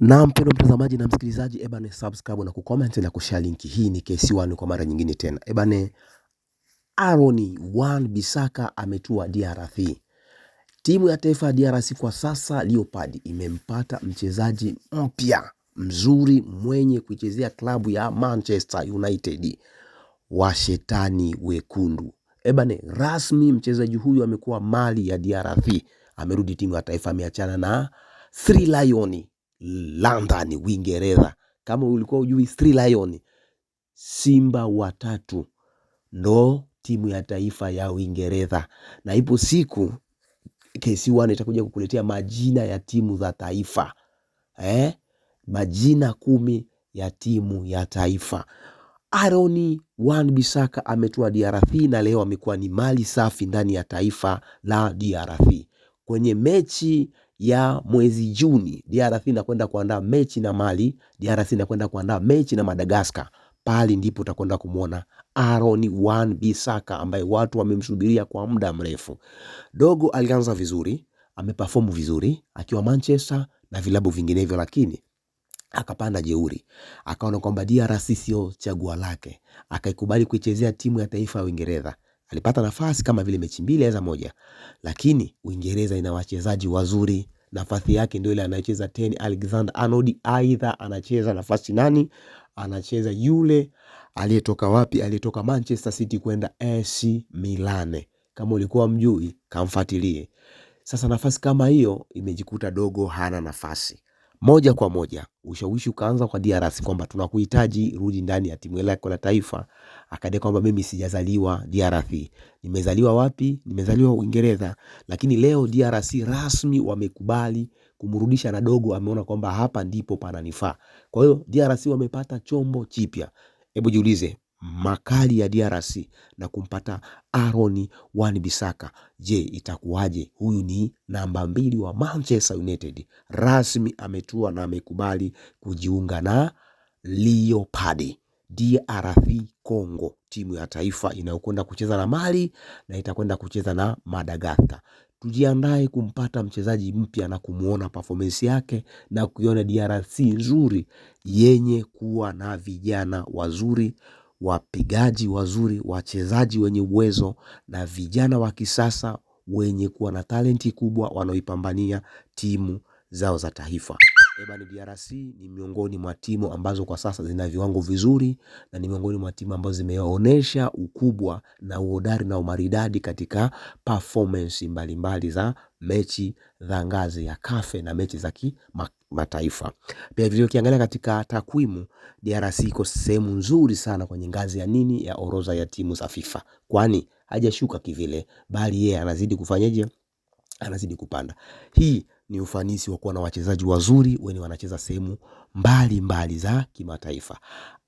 Na mpendo mtazamaji na msikilizaji, ebane subscribe na kucomment na kushare linki hii ni kc kwa mara nyingine tena. Ebane Aaron Wan Bisaka ametua DRC. Timu ya taifa ya DRC kwa sasa Leopard imempata mchezaji mpya mzuri mwenye kuichezea klabu ya Manchester United washetani wekundu. Ebane rasmi mchezaji huyu amekuwa mali ya DRC, amerudi timu ya taifa, ameachana na Three Lion London Uingereza. Kama ulikuwa ujui Three Lion, simba watatu ndo timu ya taifa ya Uingereza, na ipo siku KC1 itakuja kukuletea majina ya timu za taifa eh? majina kumi ya timu ya taifa. Aaron Wan Bisaka ametua DRC na leo amekuwa ni mali safi ndani ya taifa la DRC kwenye mechi ya mwezi Juni DRC inakwenda kuandaa mechi na Mali, DRC inakwenda kuandaa mechi na Madagascar. Pale ndipo utakwenda kumwona Aaron Wan Bissaka ambaye watu wamemsubiria kwa muda mrefu. Dogo alianza vizuri, ameperform vizuri akiwa Manchester na vilabu vinginevyo, lakini akapanda jeuri, akaona kwamba DRC sio chaguo lake, akaikubali kuichezea timu ya taifa ya Uingereza. Alipata nafasi kama vile mechi mbili aweza moja. Lakini Uingereza ina wachezaji wazuri. Nafasi yake ndio ile anayecheza 10 Alexander Arnold aidha anacheza nafasi nani? Anacheza yule aliyetoka wapi? Aliyetoka Manchester City kwenda AC Milan. Kama ulikuwa mjui, kamfuatilie. Sasa nafasi kama hiyo imejikuta Dogo hana nafasi moja kwa moja ushawishi ukaanza kwa DRC kwamba tunakuhitaji, rudi ndani ya timu lako la taifa. Akadai kwamba mimi sijazaliwa DRC, nimezaliwa wapi? Nimezaliwa Uingereza. Lakini leo DRC rasmi wamekubali kumrudisha na dogo, ameona kwamba hapa ndipo pananifaa. Kwa hiyo DRC wamepata chombo chipya. Hebu jiulize, makali ya DRC na kumpata Aaron Wan-Bissaka. Je, itakuwaje? Huyu ni namba mbili wa Manchester United, rasmi ametua na amekubali kujiunga na Leopard DRC Congo, timu ya taifa inayokwenda kucheza na Mali na itakwenda kucheza na Madagascar. Tujiandae kumpata mchezaji mpya na kumwona performance yake na kuiona DRC nzuri yenye kuwa na vijana wazuri wapigaji wazuri, wachezaji wenye uwezo na vijana wa kisasa wenye kuwa na talenti kubwa wanaoipambania timu zao za taifa. Ebani DRC ni miongoni mwa timu ambazo kwa sasa zina viwango vizuri na ni miongoni mwa timu ambazo zimeonyesha ukubwa na uhodari na umaridadi katika performance mbalimbali za mechi za ngazi ya kafe na mechi za kimataifa. Pia vile ukiangalia katika takwimu, DRC iko sehemu nzuri sana kwenye ngazi ya nini ya orodha ya timu za FIFA, kwani hajashuka kivile, bali yeye anazidi kufanyaje? Anazidi kupanda hii ni ufanisi wa kuwa na wachezaji wazuri wenye wanacheza sehemu mbalimbali za kimataifa.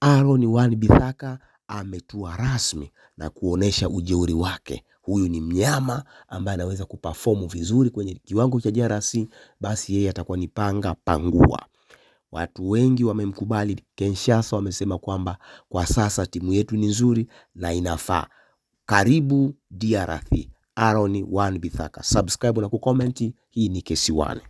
Aaron Wan Bithaka ametua rasmi na kuonesha ujeuri wake. Huyu ni mnyama ambaye anaweza kupafomu vizuri kwenye kiwango cha JRC, basi yeye atakuwa ni panga pangua. Watu wengi wamemkubali Kinshasa, wamesema kwamba kwa sasa timu yetu ni nzuri na inafaa. Karibu DRC. Aaron Wan Bithaka. Subscribe na kukomenti. Hii ni kesi one.